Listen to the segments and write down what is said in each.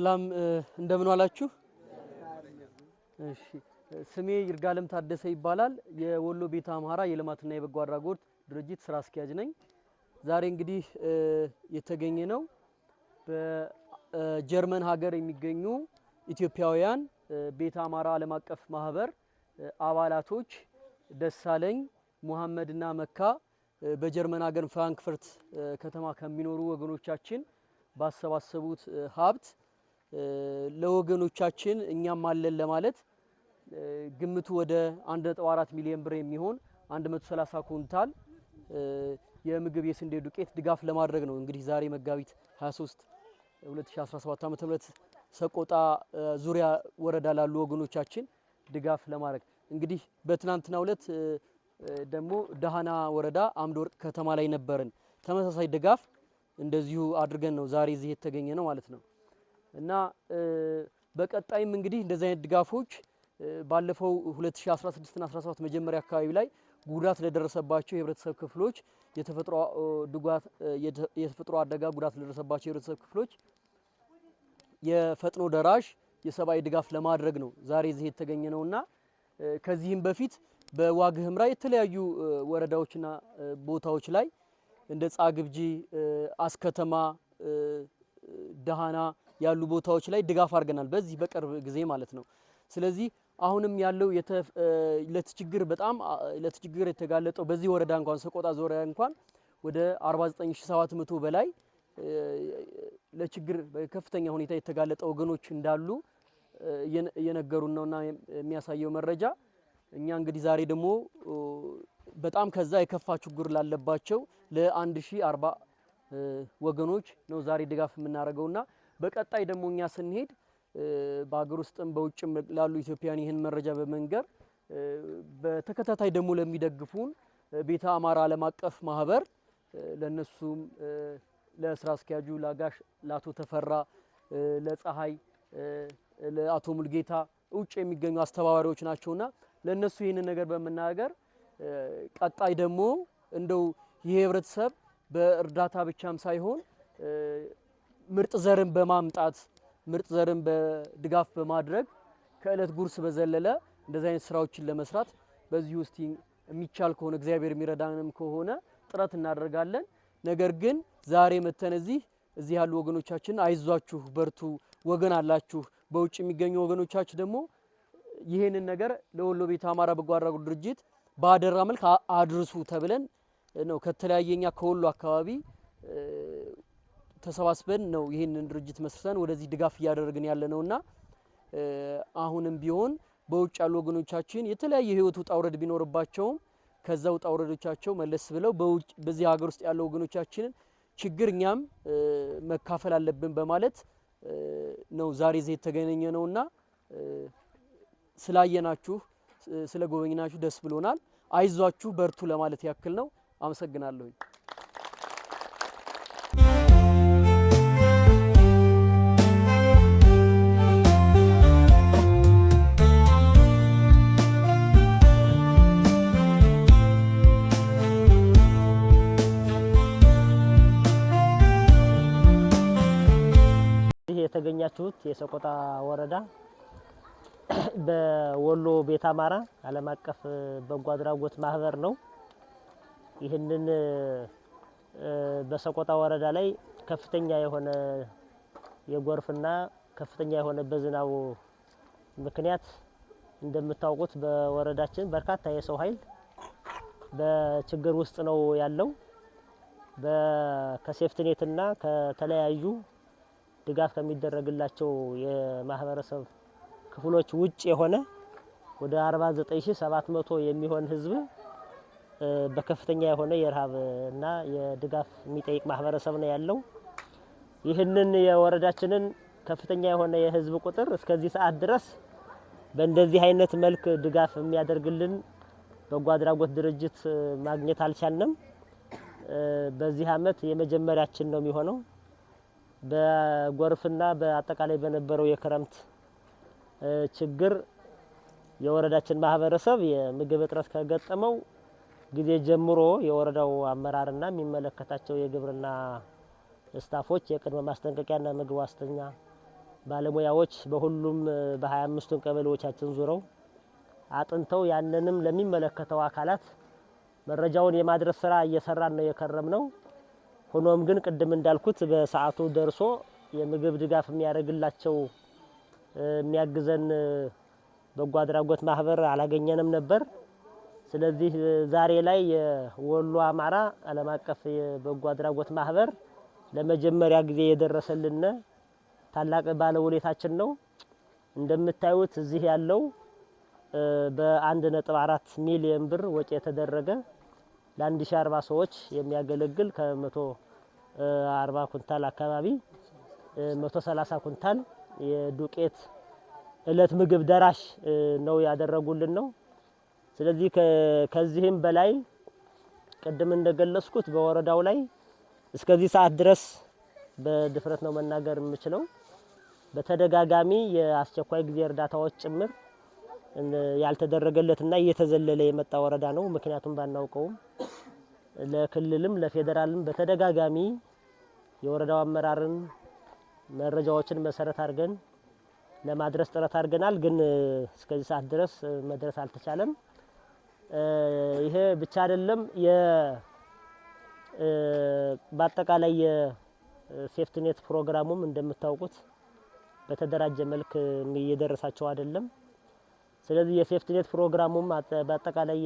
ሰላም እንደምን አላችሁ? እሺ ስሜ ይርጋለም ታደሰ ይባላል። የወሎ ቤተ አምሐራ የልማትና የበጎ አድራጎት ድርጅት ስራ አስኪያጅ ነኝ። ዛሬ እንግዲህ የተገኘ ነው በጀርመን ሀገር የሚገኙ ኢትዮጵያውያን ቤተ አምሐራ ዓለም አቀፍ ማህበር አባላቶች ደሳለኝ ሙሐመድና መካ በጀርመን ሀገር ፍራንክፈርት ከተማ ከሚኖሩ ወገኖቻችን ባሰባሰቡት ሀብት ለወገኖቻችን እኛም አለን ለማለት ግምቱ ወደ 1.4 ሚሊዮን ብር የሚሆን 130 ኩንታል የምግብ የስንዴ ዱቄት ድጋፍ ለማድረግ ነው። እንግዲህ ዛሬ መጋቢት 23 2017 ዓ.ም ሰቆጣ ዙሪያ ወረዳ ላሉ ወገኖቻችን ድጋፍ ለማድረግ እንግዲህ በትናንትናው ዕለት ደግሞ ደሃና ወረዳ አምድ ወርቅ ከተማ ላይ ነበርን። ተመሳሳይ ድጋፍ እንደዚሁ አድርገን ነው ዛሬ እዚህ የተገኘ ነው ማለት ነው። እና በቀጣይም እንግዲህ እንደዚህ አይነት ድጋፎች ባለፈው 2016 እና 17 መጀመሪያ አካባቢ ላይ ጉዳት ለደረሰባቸው የህብረተሰብ ክፍሎች የተፈጥሮ አደጋ ጉዳት ለደረሰባቸው የህብረተሰብ ክፍሎች የፈጥኖ ደራሽ የሰብአዊ ድጋፍ ለማድረግ ነው ዛሬ እዚህ የተገኘ እና ከዚህም በፊት በዋግ የተለያዩ ወረዳዎችና ቦታዎች ላይ እንደ ጻግብጂ፣ አስከተማ፣ ደሃና ያሉ ቦታዎች ላይ ድጋፍ አድርገናል፣ በዚህ በቅርብ ጊዜ ማለት ነው። ስለዚህ አሁንም ያለው ለችግር በጣም ለችግር የተጋለጠው በዚህ ወረዳ እንኳን ሰቆጣ ዞሪያ እንኳን ወደ 49700 በላይ ለችግር በከፍተኛ ሁኔታ የተጋለጠ ወገኖች እንዳሉ እየነገሩን ነውና የሚያሳየው መረጃ እኛ እንግዲህ ዛሬ ደግሞ በጣም ከዛ የከፋ ችግር ላለባቸው ለ1040 ወገኖች ነው ዛሬ ድጋፍ የምናደርገውና በቀጣይ ደግሞ እኛ ስንሄድ በሀገር ውስጥም በውጭም ላሉ ኢትዮጵያን ይህን መረጃ በመንገር በተከታታይ ደግሞ ለሚደግፉን ቤተ አማራ ዓለም አቀፍ ማህበር ለነሱም ለስራ አስኪያጁ ለጋሽ ለአቶ ተፈራ ለፀሐይ ለአቶ ሙልጌታ ውጭ የሚገኙ አስተባባሪዎች ናቸውና ለነሱ ይህንን ነገር በመናገር ቀጣይ ደግሞ እንደው ይሄ ህብረተሰብ በእርዳታ ብቻም ሳይሆን ምርጥ ዘርን በማምጣት ምርጥ ዘርን በድጋፍ በማድረግ ከእለት ጉርስ በዘለለ እንደዚህ አይነት ስራዎችን ለመስራት በዚህ ውስጥ የሚቻል ከሆነ እግዚአብሔር የሚረዳንም ከሆነ ጥረት እናደርጋለን። ነገር ግን ዛሬ መተን እዚህ እዚህ ያሉ ወገኖቻችን አይዟችሁ፣ በርቱ፣ ወገን አላችሁ። በውጭ የሚገኙ ወገኖቻችሁ ደግሞ ይህንን ነገር ለወሎ ቤት አማራ በጎ አድራጎት ድርጅት በአደራ መልክ አድርሱ ተብለን ነው ከተለያየኛ ከወሎ አካባቢ ተሰባስበን ነው ይህንን ድርጅት መስርተን ወደዚህ ድጋፍ እያደረግን ያለ ነውና አሁንም ቢሆን በውጭ ያሉ ወገኖቻችን የተለያየ ህይወት ውጣ ውረድ ቢኖርባቸውም ከዛ ውጣ ውረዶቻቸው መለስ ብለው በውጭ በዚህ ሀገር ውስጥ ያለው ወገኖቻችንን ችግር እኛም መካፈል አለብን በማለት ነው ዛሬ ዘ የተገኘ ነውና ስላየናችሁ ስለጎበኝናችሁ ደስ ብሎናል። አይዟችሁ በርቱ ለማለት ያክል ነው። አመሰግናለሁኝ። የተገኛችሁት የሰቆጣ ወረዳ በወሎ ቤት አማራ ዓለም አቀፍ በጎ አድራጎት ማህበር ነው። ይህንን በሰቆጣ ወረዳ ላይ ከፍተኛ የሆነ የጎርፍና ከፍተኛ የሆነ በዝናቡ ምክንያት እንደምታውቁት በወረዳችን በርካታ የሰው ኃይል በችግር ውስጥ ነው ያለው። ከሴፍትኔትና ከተለያዩ ድጋፍ ከሚደረግላቸው የማህበረሰብ ክፍሎች ውጭ የሆነ ወደ 49700 የሚሆን ህዝብ በከፍተኛ የሆነ የረሃብ እና የድጋፍ የሚጠይቅ ማህበረሰብ ነው ያለው። ይህንን የወረዳችንን ከፍተኛ የሆነ የህዝብ ቁጥር እስከዚህ ሰዓት ድረስ በእንደዚህ አይነት መልክ ድጋፍ የሚያደርግልን በጎ አድራጎት ድርጅት ማግኘት አልቻልንም። በዚህ አመት የመጀመሪያችን ነው የሚሆነው። በጎርፍና በአጠቃላይ በነበረው የክረምት ችግር የወረዳችን ማህበረሰብ የምግብ እጥረት ከገጠመው ጊዜ ጀምሮ የወረዳው አመራርና የሚመለከታቸው የግብርና ስታፎች የቅድመ ማስጠንቀቂያና ምግብ ዋስትና ባለሙያዎች በሁሉም በሀያ አምስቱን ቀበሌዎቻችን ዙረው አጥንተው ያንንም ለሚመለከተው አካላት መረጃውን የማድረስ ስራ እየሰራን ነው የከረም ነው። ሆኖም ግን ቅድም እንዳልኩት በሰዓቱ ደርሶ የምግብ ድጋፍ የሚያደርግላቸው የሚያግዘን በጎ አድራጎት ማህበር አላገኘንም ነበር። ስለዚህ ዛሬ ላይ የወሎ አማራ ዓለም አቀፍ የበጎ አድራጎት ማህበር ለመጀመሪያ ጊዜ የደረሰልን ታላቅ ባለውለታችን ነው። እንደምታዩት እዚህ ያለው በ1.4 ሚሊዮን ብር ወጪ የተደረገ ለ1040 ሰዎች የሚያገለግል ከ140 ኩንታል አካባቢ 130 ኩንታል የዱቄት እለት ምግብ ደራሽ ነው ያደረጉልን ነው። ስለዚህ ከዚህም በላይ ቅድም እንደገለጽኩት በወረዳው ላይ እስከዚህ ሰዓት ድረስ በድፍረት ነው መናገር የምችለው በተደጋጋሚ የአስቸኳይ ጊዜ እርዳታዎች ጭምር ያልተደረገለትና እየተዘለለ የመጣ ወረዳ ነው። ምክንያቱም ባናውቀውም ለክልልም ለፌዴራልም በተደጋጋሚ የወረዳው አመራርን መረጃዎችን መሰረት አድርገን ለማድረስ ጥረት አድርገናል። ግን እስከዚህ ሰዓት ድረስ መድረስ አልተቻለም። ይሄ ብቻ አይደለም። በአጠቃላይ የሴፍትኔት ፕሮግራሙም እንደምታውቁት በተደራጀ መልክ እየደረሳቸው አይደለም። ስለዚህ የሴፍትኔት ፕሮግራሙም በአጠቃላይ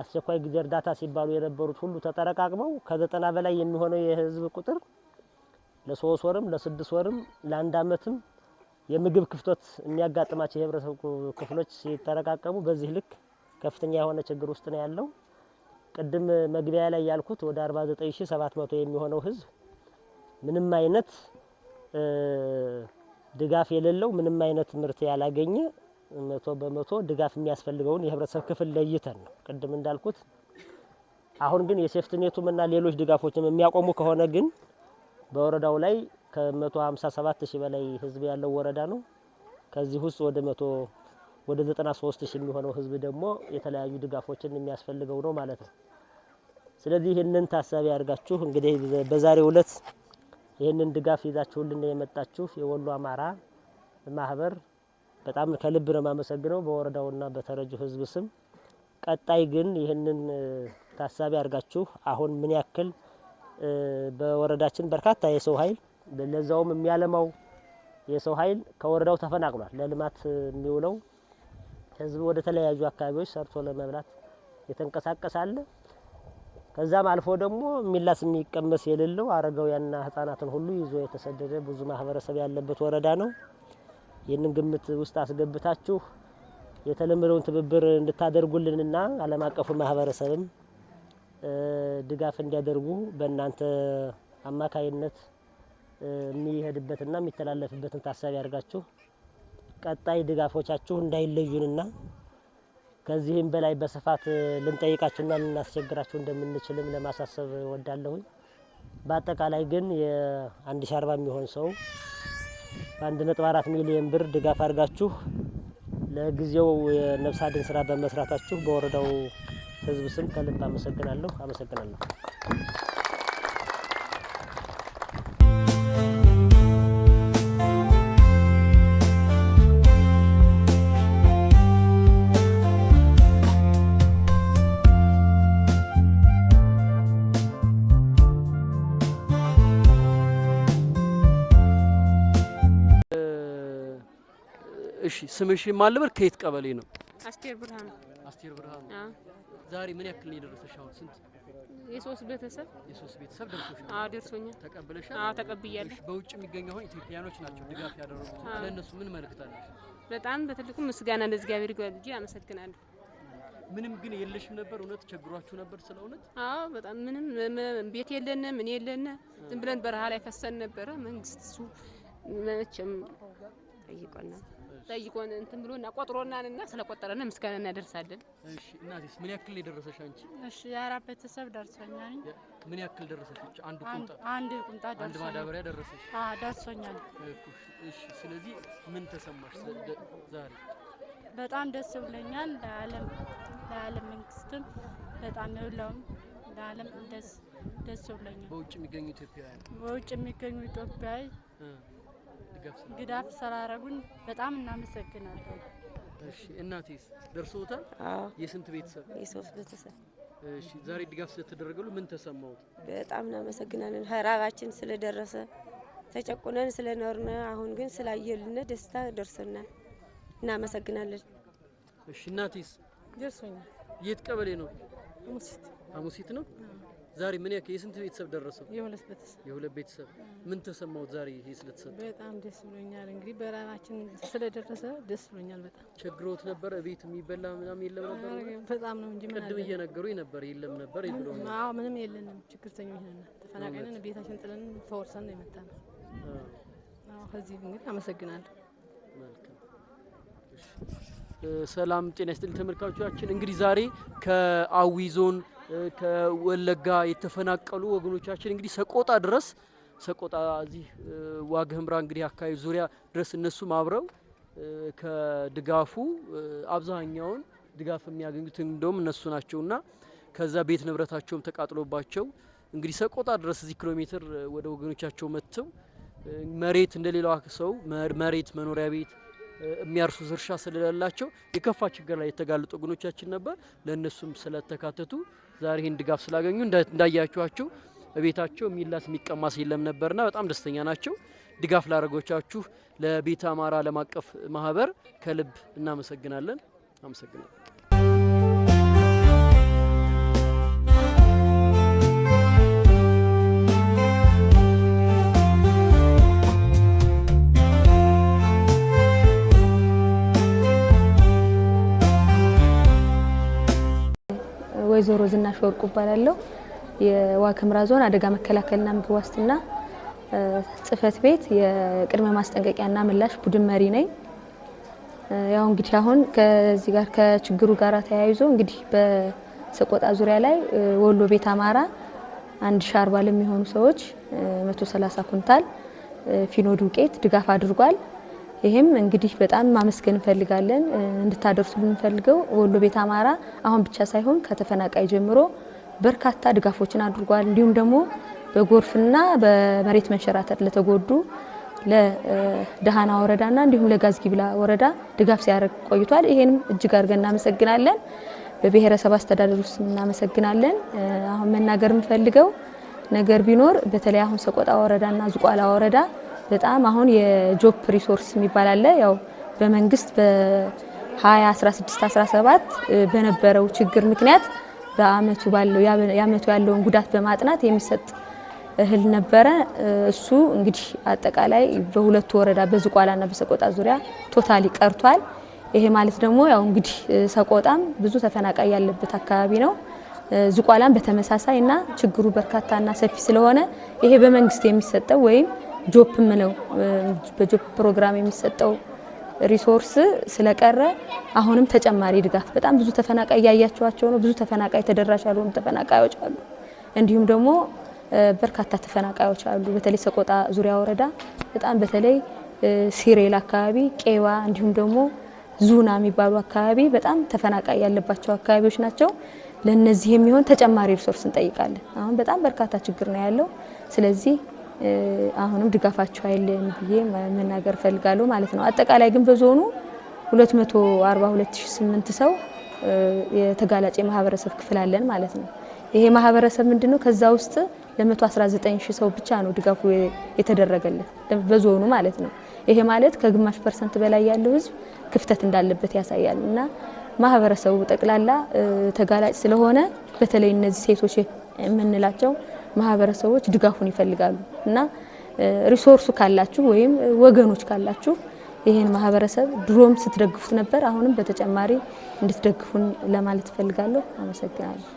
አስቸኳይ ጊዜ እርዳታ ሲባሉ የነበሩት ሁሉ ተጠረቃቅመው ከዘጠና በላይ የሚሆነው የህዝብ ቁጥር ለሶስት ወርም ለስድስት ወርም ለአንድ አመትም የምግብ ክፍተት የሚያጋጥማቸው የህብረተሰብ ክፍሎች ሲጠረቃቀሙ በዚህ ልክ ከፍተኛ የሆነ ችግር ውስጥ ነው ያለው። ቅድም መግቢያ ላይ ያልኩት ወደ 49700 የሚሆነው ህዝብ ምንም አይነት ድጋፍ የሌለው ምንም አይነት ምርት ያላገኘ መቶ በመቶ ድጋፍ የሚያስፈልገውን የህብረተሰብ ክፍል ለይተን ነው ቅድም እንዳልኩት። አሁን ግን የሴፍትኔቱም እና ሌሎች ድጋፎችም የሚያቆሙ ከሆነ ግን በወረዳው ላይ ከ157 ሺህ በላይ ህዝብ ያለው ወረዳ ነው። ከዚህ ውስጥ ወደ መቶ ወደ 93 ሺህ የሚሆነው ህዝብ ደግሞ የተለያዩ ድጋፎችን የሚያስፈልገው ነው ማለት ነው። ስለዚህ ይህንን ታሳቢ አድርጋችሁ እንግዲህ በዛሬው ዕለት ይህንን ድጋፍ ይዛችሁልን የመጣችሁ የወሎ አማራ ማህበር በጣም ከልብ ነው የማመሰግነው በወረዳውና በተረጁ ህዝብ ስም። ቀጣይ ግን ይህንን ታሳቢ አድርጋችሁ አሁን ምን ያክል በወረዳችን በርካታ የሰው ኃይል ለዛውም የሚያለማው የሰው ኃይል ከወረዳው ተፈናቅሏል። ለልማት የሚውለው ህዝብ ወደ ተለያዩ አካባቢዎች ሰርቶ ለመብላት የተንቀሳቀሰ ከዛም አልፎ ደግሞ የሚላስ የሚቀመስ የሌለው አረጋውያንና ህጻናትን ሁሉ ይዞ የተሰደደ ብዙ ማህበረሰብ ያለበት ወረዳ ነው። ይህንን ግምት ውስጥ አስገብታችሁ የተለመደውን ትብብር እንድታደርጉልንና ዓለም አቀፉ ማህበረሰብም ድጋፍ እንዲያደርጉ በእናንተ አማካይነት የሚሄድበትና የሚተላለፍበትን ታሳቢ አድርጋችሁ ቀጣይ ድጋፎቻችሁ እንዳይለዩንና ከዚህም በላይ በስፋት ልንጠይቃችሁና ልናስቸግራችሁ እንደምንችልም ለማሳሰብ ወዳለሁኝ። በአጠቃላይ ግን የአንድ ሺ አርባ የሚሆን ሰው በአንድ ነጥብ አራት ሚሊዮን ብር ድጋፍ አድርጋችሁ ለጊዜው የነፍስ አድን ስራ በመስራታችሁ በወረዳው ህዝብ ስም ከልብ አመሰግናለሁ። አመሰግናለሁ። እሺ ስምሽ ማለበር ከየት ቀበሌ ነው? አስቴር ብርሃኑ። አስቴር ብርሃኑ። ዛሬ ምን ያክል ነው የደረሰሽ? አሁን ስንት? የሶስት ቤተሰብ የሶስት ቤተሰብ ደርሶሻል? አዎ ደርሶኛል። ተቀብለሻል? አዎ ተቀብያለሁ። በውጭ የሚገኙ አሁን ኢትዮጵያኖች ናቸው ድጋፍ ያደረጉት። ለእነሱ ምን መልእክት አለሽ? በጣም በትልቁ ምስጋና ለእግዚአብሔር ይግባል አመሰግናለሁ። ምንም ግን የለሽም ነበር? እውነት ቸግሯችሁ ነበር? ስለ እውነት አዎ፣ በጣም ምንም ቤት የለነ ምን የለነ ዝም ብለን በረሃ ላይ ፈሰን ነበረ። መንግስት እሱ መቼም ጠይቆን እንትን ቆጥሮናን እና ስለቆጠረን ምስጋና እናደርሳለን። እሺ እናቴስ ምን ያክል የደረሰሽ አንቺ? እሺ የአራት ቤተሰብ ደርሶኛል። ምን ያክል ደረሰሽ? አንድ ቁምጣ አንድ ቁምጣ ደርሶኛል። አንድ ማዳበሪያ ደረሰሽ? አዎ ደርሶኛል። እሺ ስለዚህ ምን ተሰማሽ ዛሬ? በጣም ደስ ብሎኛል። ለዓለም ለዓለም መንግስትም በጣም የውለውም ለዓለም ደስ ደስ ብሎኛል። በውጭ የሚገኙ ኢትዮጵያውያን በውጭ የሚገኙ ኢትዮጵያዊ ድጋፍ ስላደረጉን በጣም እናመሰግናለን። እሺ እናቴስ ደርሶታል? የስንት ቤተሰብ? የሶስት ቤተሰብ። እሺ ዛሬ ድጋፍ ስለተደረገሉ ምን ተሰማውት? በጣም እናመሰግናለን። ሀራባችን ስለደረሰ ተጨቁነን ስለኖርነ፣ አሁን ግን ስላየልነ ደስታ ደርሶናል። እናመሰግናለን። እሺ እናቴስ? ደርሶኛል። የት ቀበሌ ነው? ሐሙሲት። ሐሙሲት ነው ዛሬ ምን ያክል የስንት ቤተሰብ ደረሰው? የሁለት ቤተሰብ የሁለት ቤተሰብ ምን ተሰማውት ዛሬ ይሄ ስለተሰጠ? በጣም ደስ ብሎኛል። እንግዲህ በራናችን ስለደረሰ ደስ ብሎኛል በጣም። ቸግሮት ነበር ቤት የሚበላ ምናምን የለም ነበር? በጣም ነው እንጂ ምን ቅድም እየነገሩኝ ነበር የለም ነበር ይብሎ አዎ ምንም የለንም። ችግርተኞች ነን፣ ተፈናቃይ ቤታችን ጥለን ተወርሰን ነው የመጣነው። አዎ ከዚህ እንግዲህ አመሰግናለሁ። መልካም ሰላም ጤና ይስጥልኝ ተመልካቾቻችን። እንግዲህ ዛሬ ከአዊ ዞን ከወለጋ የተፈናቀሉ ወገኖቻችን እንግዲህ ሰቆጣ ድረስ ሰቆጣ እዚህ ዋግ እንግዲህ አካባቢ ዙሪያ ድረስ እነሱም አብረው ከድጋፉ አብዛኛውን ድጋፍ የሚያገኙት እንደውም እነሱ ናቸውና ከዛ ቤት ንብረታቸውም ተቃጥሎባቸው እንግዲህ ሰቆጣ ድረስ እዚህ ኪሎ ሜትር ወደ ወገኖቻቸው መጥተው መሬት እንደሌላው ሰው መሬት መኖሪያ ቤት የሚያርሱ እርሻ ስለሌላቸው የከፋ ችግር ላይ የተጋለጡ ወገኖቻችን ነበር። ለእነሱም ስለተካተቱ ዛሬ ይህን ድጋፍ ስላገኙ እንዳያችኋቸው ቤታቸው የሚላስ የሚቀማስ የለም ነበርና በጣም ደስተኛ ናቸው። ድጋፍ ላደረጎቻችሁ ለቤተ አማራ ዓለም አቀፍ ማህበር ከልብ እናመሰግናለን። አመሰግናለሁ። ወይዘሮ ዝናሽ ወርቁ እባላለሁ። የዋግኽምራ ዞን አደጋ መከላከልና ምግብ ዋስትና ጽህፈት ቤት የቅድመ ማስጠንቀቂያና ምላሽ ቡድን መሪ ነኝ። ያው እንግዲህ አሁን ከዚህ ጋር ከችግሩ ጋር ተያይዞ እንግዲህ በሰቆጣ ዙሪያ ላይ ወሎ ቤት አማራ አንድ ሺ አርባ ለሚሆኑ ሰዎች መቶ ሰላሳ ኩንታል ፊኖ ዱቄት ድጋፍ አድርጓል። ይሄም እንግዲህ በጣም ማመስገን እንፈልጋለን። እንድታደርሱ ብንፈልገው ወሎ ቤት አማራ አሁን ብቻ ሳይሆን ከተፈናቃይ ጀምሮ በርካታ ድጋፎችን አድርጓል። እንዲሁም ደግሞ በጎርፍና በመሬት መንሸራተት ለተጎዱ ለደሃና ወረዳና እንዲሁም ለጋዝጊብላ ወረዳ ድጋፍ ሲያደርግ ቆይቷል። ይሄንም እጅግ አድርገን እናመሰግናለን። በብሔረሰብ አስተዳደር ውስጥ እናመሰግናለን። አሁን መናገር የምፈልገው ነገር ቢኖር በተለይ አሁን ሰቆጣ ወረዳና ዝቋላ ወረዳ በጣም አሁን የጆፕ ሪሶርስ የሚባል አለ። ያው በመንግስት በ2016 17 በነበረው ችግር ምክንያት በአመቱ ባለው የአመቱ ያለውን ጉዳት በማጥናት የሚሰጥ እህል ነበረ። እሱ እንግዲህ አጠቃላይ በሁለቱ ወረዳ በዝቋላና በሰቆጣ ዙሪያ ቶታሊ ቀርቷል። ይሄ ማለት ደግሞ ያው እንግዲህ ሰቆጣም ብዙ ተፈናቃይ ያለበት አካባቢ ነው። ዝቋላም በተመሳሳይ እና ችግሩ በርካታና ሰፊ ስለሆነ ይሄ በመንግስት የሚሰጠው ወይም ጆፕ ምለው በጆፕ ፕሮግራም የሚሰጠው ሪሶርስ ስለቀረ አሁንም ተጨማሪ ድጋፍ በጣም ብዙ ተፈናቃይ እያያቸዋቸው ነው። ብዙ ተፈናቃይ ተደራሽ ያልሆኑ ተፈናቃዮች አሉ። እንዲሁም ደግሞ በርካታ ተፈናቃዮች አሉ። በተለይ ሰቆጣ ዙሪያ ወረዳ በጣም በተለይ ሲሬል አካባቢ፣ ቄዋ እንዲሁም ደግሞ ዙና የሚባሉ አካባቢ በጣም ተፈናቃይ ያለባቸው አካባቢዎች ናቸው። ለነዚህ የሚሆን ተጨማሪ ሪሶርስ እንጠይቃለን። አሁን በጣም በርካታ ችግር ነው ያለው። ስለዚህ አሁንም ድጋፋቸው አይለን ብዬ መናገር ፈልጋለሁ ማለት ነው። አጠቃላይ ግን በዞኑ 242008 ሰው የተጋላጭ የማህበረሰብ ክፍል አለን ማለት ነው። ይሄ ማህበረሰብ ምንድነው? ከዛ ውስጥ ለ119000 ሰው ብቻ ነው ድጋፉ የተደረገለት በዞኑ ማለት ነው። ይሄ ማለት ከግማሽ ፐርሰንት በላይ ያለው ህዝብ ክፍተት እንዳለበት ያሳያል እና ማህበረሰቡ ጠቅላላ ተጋላጭ ስለሆነ በተለይ እነዚህ ሴቶች የምንላቸው ማህበረሰቦች ድጋፉን ይፈልጋሉ እና ሪሶርሱ ካላችሁ ወይም ወገኖች ካላችሁ ይህን ማህበረሰብ ድሮም ስትደግፉት ነበር፣ አሁንም በተጨማሪ እንድትደግፉን ለማለት እፈልጋለሁ። አመሰግናለሁ።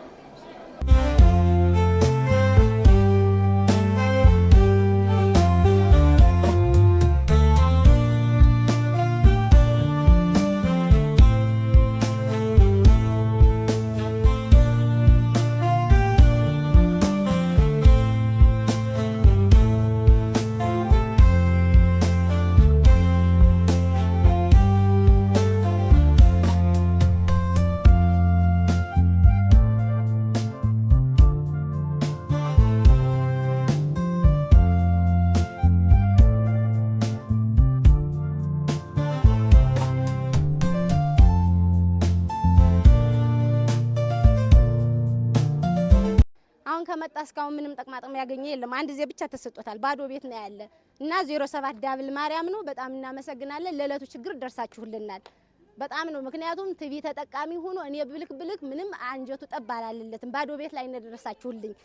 ከመጣ እስካሁን ምንም ጠቅማጥቅም ያገኘ የለም። አንድ ዜ ብቻ ተሰጦታል። ባዶ ቤት ነው ያለ እና ዜሮ ሰባት ዳብል ማርያም ነው። በጣም እናመሰግናለን። ለለቱ ችግር ደርሳችሁልናል። በጣም ነው ምክንያቱም ቲቪ ተጠቃሚ ሆኖ እኔ ብልክ ብልክ ምንም አንጀቱ ጠብ አላለለትም። ባዶ ቤት ላይ እንደደረሳችሁልኝ